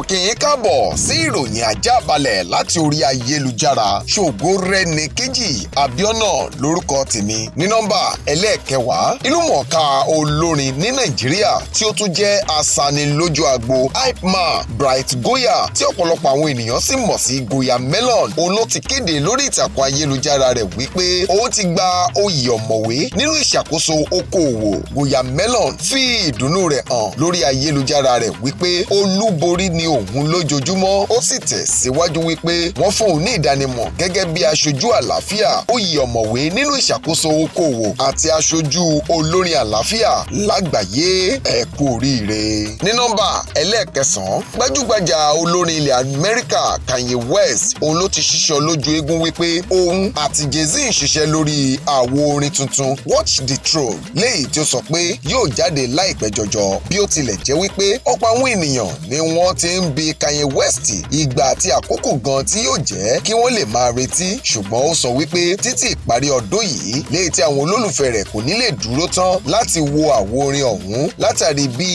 mo kì í káàbọ̀ sí ìròyìn ajá balẹ̀ láti orí ayélujára ṣògo rẹni kejì abiona lórúkọ tèmi ní nọ́mbà ẹlẹ́ẹ̀kẹwàá ìlúmọ̀ọ́ká olórin ní nàìjíríà tí ó tún jẹ́ asanilójú agbo hypeman bright goya tí ọ̀pọ̀lọpọ̀ àwọn ènìyàn sì mọ̀ sí goya melon òun ló ti kéde lórí ìtàkùn ayélujára rẹ̀ wípé òun ti gba oyè ọ̀mọ̀wé nínú ìṣàkóso okòòwò goya melon fi ìdùnnú rẹ̀ hàn lórí ayélujára rẹ̀ wípé olúborí ni òun lójoojúmọ́ ó sì tẹ̀ síwájú wípé wọ́n fún òun ní ìdánimọ̀ gẹ́gẹ́ bí aṣojú àlàáfíà oyè ọ̀mọ̀wé nínú ìṣàkóso okòwò àti aṣojú olórin àlàáfíà lágbàáyé ẹ kú oríire. ní nọ́mbà ẹlẹ́ẹ̀kẹsàn-án gbajúgbajà olórin ilẹ̀ Amẹ́ríkà Kanye West òun ló ti ṣiṣọ́ lójú eégún wípé òun àti Jay-Z ń ṣiṣẹ́ lórí àwo orin tuntun Watch the Throne léyìí tí ó sọ pé yóò jáde láìpẹ́ jọjọ bí ó tilẹ̀ jẹ́ wípé ọ̀pọ̀ àwọn ènìyàn ni wọ́n ti ń ń bi Kanye West ìgbà àti àkókò gan tí yóò jẹ́ kí wọ́n lè máa retí ṣùgbọ́n ó sọ wípé títí ìparí ọdún yìí léyìí tí àwọn olólùfẹ́ rẹ̀ kò ní lè dúró tán láti wo àwo orin ọ̀hún látàrí bí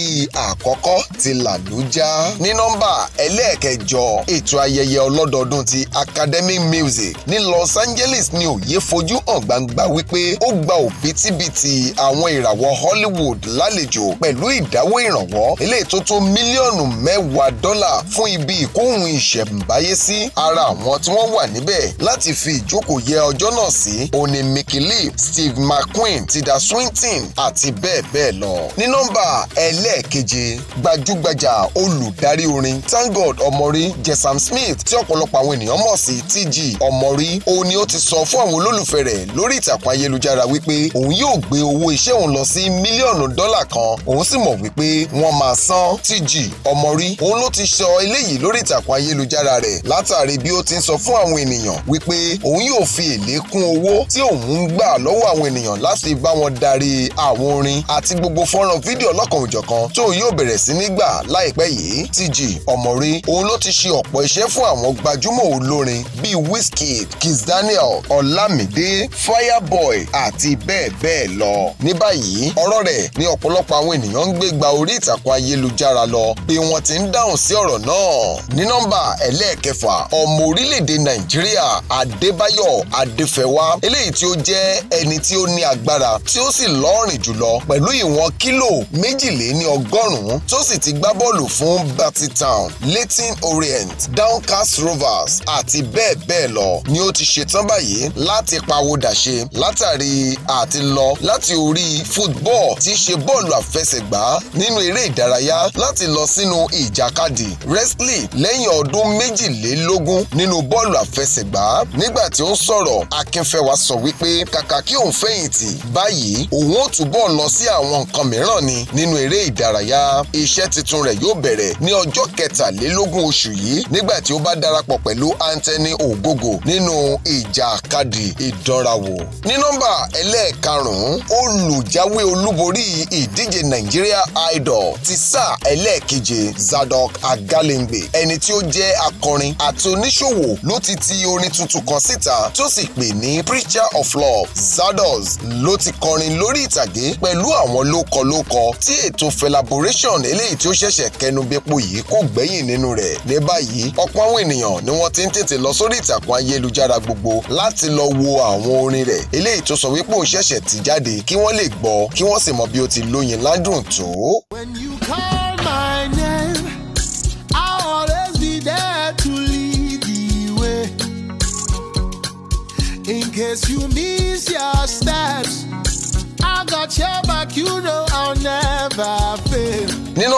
àkọ́kọ́ ti làlújá. ní nọ́mbà ẹlẹ́ẹ̀kẹjọ ètò ayẹyẹ ọlọ́dọọdún ti Academy Music ní Los Angeles ni òye fojú hàn gbangba wípé ó gba òbítíbitì àwọn ìràwọ̀ Hollywood lálejò pẹ̀lú ìdáwó ìrànwọ́ eléyìí tó tó mílíọ̀nù mẹ́wàá d dọ́là fún ibi ìkóhùn ìṣẹ̀ǹbáyé sí ara àwọn tí wọ́n wà níbẹ̀ láti fi ìjókòó yẹ ọjọ́ náà sí òní Mickey Steve McQueen Tilda Swinton àti bẹ́ẹ̀ bẹ́ẹ̀ lọ. ní nọ́mbà ẹlẹ́ẹ̀keje gbajúgbajà olùdarí orin Thank God ọmọrí jẹ Smith tí ọ̀pọ̀lọpọ̀ àwọn ènìyàn mọ̀ sí TG ọmọrí òun ni ó ti sọ fún àwọn olólùfẹ́ rẹ̀ lórí ìtàkùn ayélujára wípé òun yóò gbé owó iṣẹ́ òun lọ sí mílíọ̀nù dọ́là kan òun sì mọ̀ wípé wọ́n máa san TG ọmọrí òun ló ti sọ eléyìí lórí ìtàkùn ayélujára rẹ̀ látàrí bí ó ti ń sọ fún àwọn ènìyàn wípé òun yóò fi èlé kún owó tí òun ń gbà lọ́wọ́ àwọn ènìyàn láti bá wọn darí àwọn orin àti gbogbo fọ́nrán fídíò lọ́kan-ò-jọ̀kan tó yóò bẹ̀rẹ̀ sí ní gbà láìpẹ́ yìí Tíjì Ọmọrí òun ló ti ṣe ọ̀pọ̀ iṣẹ́ fún àwọn gbajúmọ̀ olórin bíi Wizkid Kiss Daniel Olamide Fireboy àti bẹ́ẹ̀ bẹ́ẹ̀ lọ ní báyìí ọ̀rọ̀ rẹ̀ ni ọ̀pọ̀lọpọ̀ àwọn ènìyàn ń gbé gba orí ìtàkùn ayélujára lọ bí wọ́n ti ń dáhùn sí ọ̀rọ̀ náà ní nọ́mbà ẹlẹ́ẹ̀kẹfà ọmọ orílẹ̀-èdè nàìjíríà adébáyọ̀ adéfẹ́wá eléyìí tí ó jẹ́ ẹni tí ó ní agbára tí ó sì lọ́rìn jùlọ pẹ̀lú ìwọ̀n kílò méjìléní ọgọ́rùn-ún tó sì ti gbá bọ́ọ̀lù fún batty town latin orient downcast rovers àti bẹ́ẹ̀ bẹ́ẹ̀ lọ ni ó ti ṣetán báyìí láti pawódà ṣe látàrí àti lọ láti orí football tí í ṣe bọ́ọ̀lù àfẹsẹ̀gbá nínú eré ìdárayá láti lọ sínú ìjàkadì búrẹ́dì wrestling lẹ́yìn ọdún méjìlélógún nínú bọ́ọ̀lù àfẹsẹ̀gbá nígbà tí ó ń sọ̀rọ̀ akínfẹ́wà sọ wípé kàkà kí òun fẹ̀yìntì báyìí òun ó túbọ̀ lọ sí àwọn nǹkan mìíràn ni nínú eré ìdárayá iṣẹ́ tuntun rẹ̀ yóò bẹ̀rẹ̀ ní ọjọ́ kẹtàlélógún oṣù yìí nígbà tí ó bá darapọ̀ pẹ̀lú Anthony Ogogo nínú ìjàkadì ìdánrawò ní nọ́mbà ẹlẹ́ẹ̀karùn-ún olùjáwé olúborí ìdíje Nigeria Idol ti sáà ẹlẹ́ẹ̀keje Zadok Àgálẹ̀ǹgbè ẹni tí ó jẹ́ akọrin àti oníṣòwò ló ti ti orin tuntun kan síta tó sì pè ní preacher of love Zardoz ló ti kọrin lórí ìtàgé pẹ̀lú àwọn lókọlókọ tí ètò felaboration eléyìí tí ó ṣẹ̀ṣẹ̀ kẹnubẹ́pọ̀ yìí kò gbẹ́yìn nínú rẹ̀ ní báyìí ọ̀pọ̀ àwọn ènìyàn ni wọ́n ti ń tètè lọ sórí ìtàkùn ayélujára gbogbo láti lọ wo àwọn orin rẹ̀ eléyìí tó sọ wípé òun ṣẹ̀ṣẹ̀ ti jáde kí wọ́n lè gbọ́ kí wọ́n sì mọ bí ó ti lóyin ládùn tó. When you call my you miss your steps. I got your back, you know I'll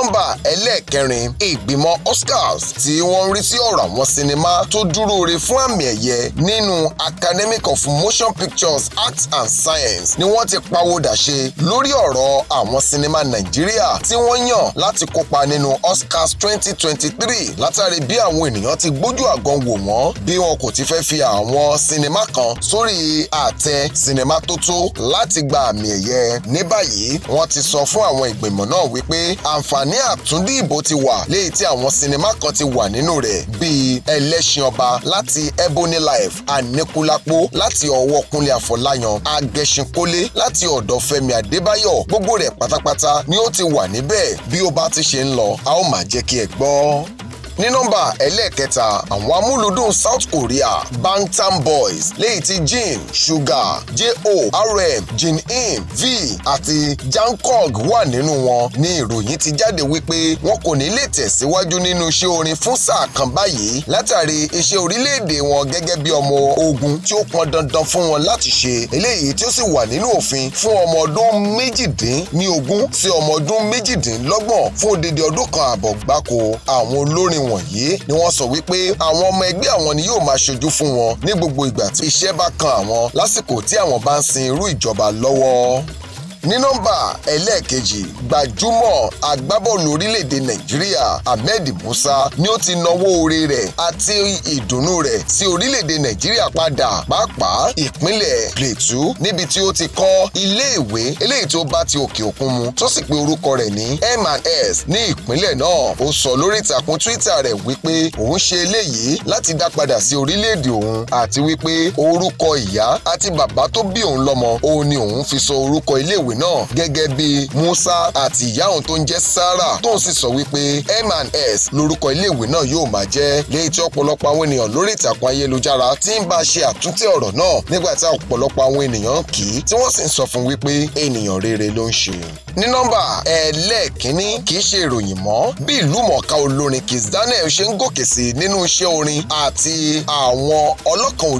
nọ́mbà ẹlẹ́ẹ̀kẹrin ìgbìmọ̀ Oscars tí wọ́n ń rí sí ọ̀rọ̀ àwọn sinimá tó dúró re fún àmì ẹ̀yẹ nínú Academic of Motion Pictures Arts and Science ni wọ́n ti pawódà ṣe lórí ọ̀rọ̀ àwọn sinimá Nàìjíríà tí wọ́n yàn láti kópa nínú Oscars 2023 látàrí bí àwọn ènìyàn ti gbójú àgbọn wò wọ́n bí wọn kò ti fẹ́ fi àwọn sinimá kan sórí àtẹ sinimá tó tó láti gba àmì ẹ̀yẹ ní báyìí wọ́n ti sọ fún àwọn ìgbìmọ̀ náà wípé àǹfààní ní àtúndìbò ti wà léyìí tí àwọn sinimá kan ti wà nínú rẹ̀ bíi ẹlẹ́ṣin ọba láti ebony life àníkúlápó láti ọwọ́ kúnlé àfọláyàn agẹṣinkólé láti ọ̀dọ̀ fẹ́mi adébáyọ̀ gbogbo rẹ̀ pátápátá ni ó ti wà níbẹ̀ bí ó bá ti ṣe ń lọ a ó máa jẹ́ kí ẹ gbọ́ ní nọ́mbà ẹlẹ́ẹ̀kẹta àwọn amúlùdùn South Korea Bangtan Boys léyìí tí Jin Sugar J.O. RM Jin In V àti Jangkook wà nínú wọn ní ìròyìn ti jáde wípé wọn kò ní lè tẹ̀síwájú nínú iṣẹ́ orin fún sáà kan báyìí látàrí iṣẹ́ orílẹ̀-èdè wọn gẹ́gẹ́ bí ọmọ ogun tí ó pọn dandan fún wọn láti ṣe eléyìí tí ó sì wà nínú òfin fún ọmọ ọdún méjìdín ní ogún sí ọmọ ọdún méjìdínlọ́gbọ̀n fún odidi ọdún kan àbọ̀ gbáko àwọn olórin wọ̀nyí ni wọ́n sọ wípé àwọn ọmọ ẹgbẹ́ àwọn ni yóò máa ṣojú fún wọn ní gbogbo ìgbà tí iṣẹ́ bá kan àwọn lásìkò tí àwọn bá ń sin irú ìjọba lọ́wọ́ ní nọ́mbà ẹlẹ́ẹ̀kejì gbajúmọ̀ agbábọ́ọ̀lù orílẹ̀-èdè nàìjíríà ahmed musa ni ó ti nawó oore rẹ̀ àti ìdùnnú rẹ̀ sí orílẹ̀-èdè nàìjíríà padà pàápàá ìpínlẹ̀ plateau níbi tí ó ti kọ́ iléèwé eléyìí tó bá ti òkè òkun mu tó sì pe orúkọ rẹ̀ ní M&S ní ìpínlẹ̀ náà ó sọ lórí ìtàkùn twitter rẹ̀ wípé òun ṣe eléyìí láti dá padà sí orílẹ̀-èdè òun àti wípé orúkọ ìyá àti bàbá tó bí òun lọ́mọ òun ni òun fi sọ orúkọ iléèwé ọkùnrin náà gẹ́gẹ́ bí Musa àti ìyá òun tó ń jẹ́ Sarah tóun sì sọ wípé M&S lórúkọ iléèwé náà yóò máa jẹ́ léyìí tí ọ̀pọ̀lọpọ̀ àwọn ènìyàn lórí ìtàkùn ayélujára ti ń bá ṣe àtúntẹ̀ ọ̀rọ̀ náà nígbà tí ọ̀pọ̀lọpọ̀ àwọn ènìyàn kì í tí wọ́n sì ń sọ fún wípé ènìyàn rere ló ń ṣe. ní nọ́mbà ẹlẹ́ẹ̀kínní kì í ṣe ìròyìn mọ́ bí ìlú mọ̀ọ́ká olórin Kiss Daniel ṣe ń gòkè sí nínú iṣẹ́ orin àti àwọn ọlọ́kan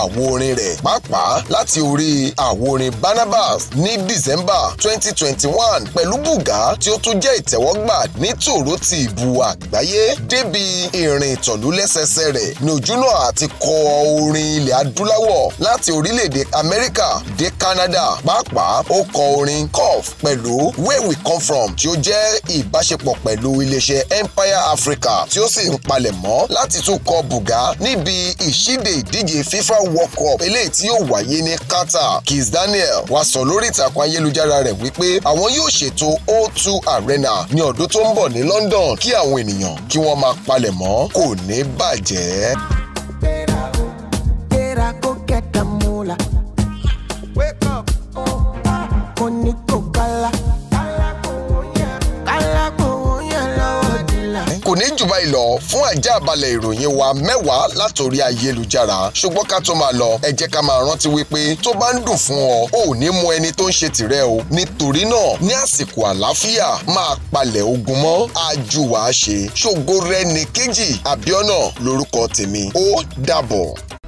àwo orin rẹ̀ pàápàá láti orí àwo orin Barnabas níb December twenty twenty one pẹ̀lú bùgá tí ó tún jẹ́ ìtẹ́wọ́gbà ní tòró ti ìbú àgbáyé débi ìrìn ìtọ̀lú lẹ́sẹsẹ rẹ̀ ní ojúnà àti kọ orin ilẹ̀ adúláwọ̀ láti orílẹ̀-èdè Amẹ́ríkà dé Canada pàápàá ó kọ orin cough pẹ̀lú where we come from tí ó jẹ́ ìbáṣepọ̀ pẹ̀lú iléeṣẹ́ Empire Africa tí ó sì ń palẹ̀ mọ́ láti tún kọ bùgá níbi ìṣíde ìdíje FIFA World Cup eléyìí tí yóò wáyé ní Qatar Kiss Daniel wá sọ lórí ìtàkùn ìtàkùn ayélujára rẹ̀ wípé àwọn yóò ṣètò O2 Arena ní ọdún tó ń bọ̀ ní London kí àwọn ènìyàn kí wọ́n máa palẹ̀ kò ní bàjẹ́. kò ní jù báyìí lọ fún àjàbalẹ̀ ìròyìn wa mẹ́wàá látòrí ayélujára ṣùgbọ́n ká tó máa lọ ẹ jẹ́ ká máa rántí wípé tó bá ń dùn fún ọ ò ní mú ẹni tó ń ṣe tìrẹ o nítorí náà ní àsìkò àlàáfíà máa palẹ̀ ogun mọ́ àjùwà ṣe ṣògo rẹ ní kejì àbíọ́nà lórúkọ tèmi ó dàbọ̀.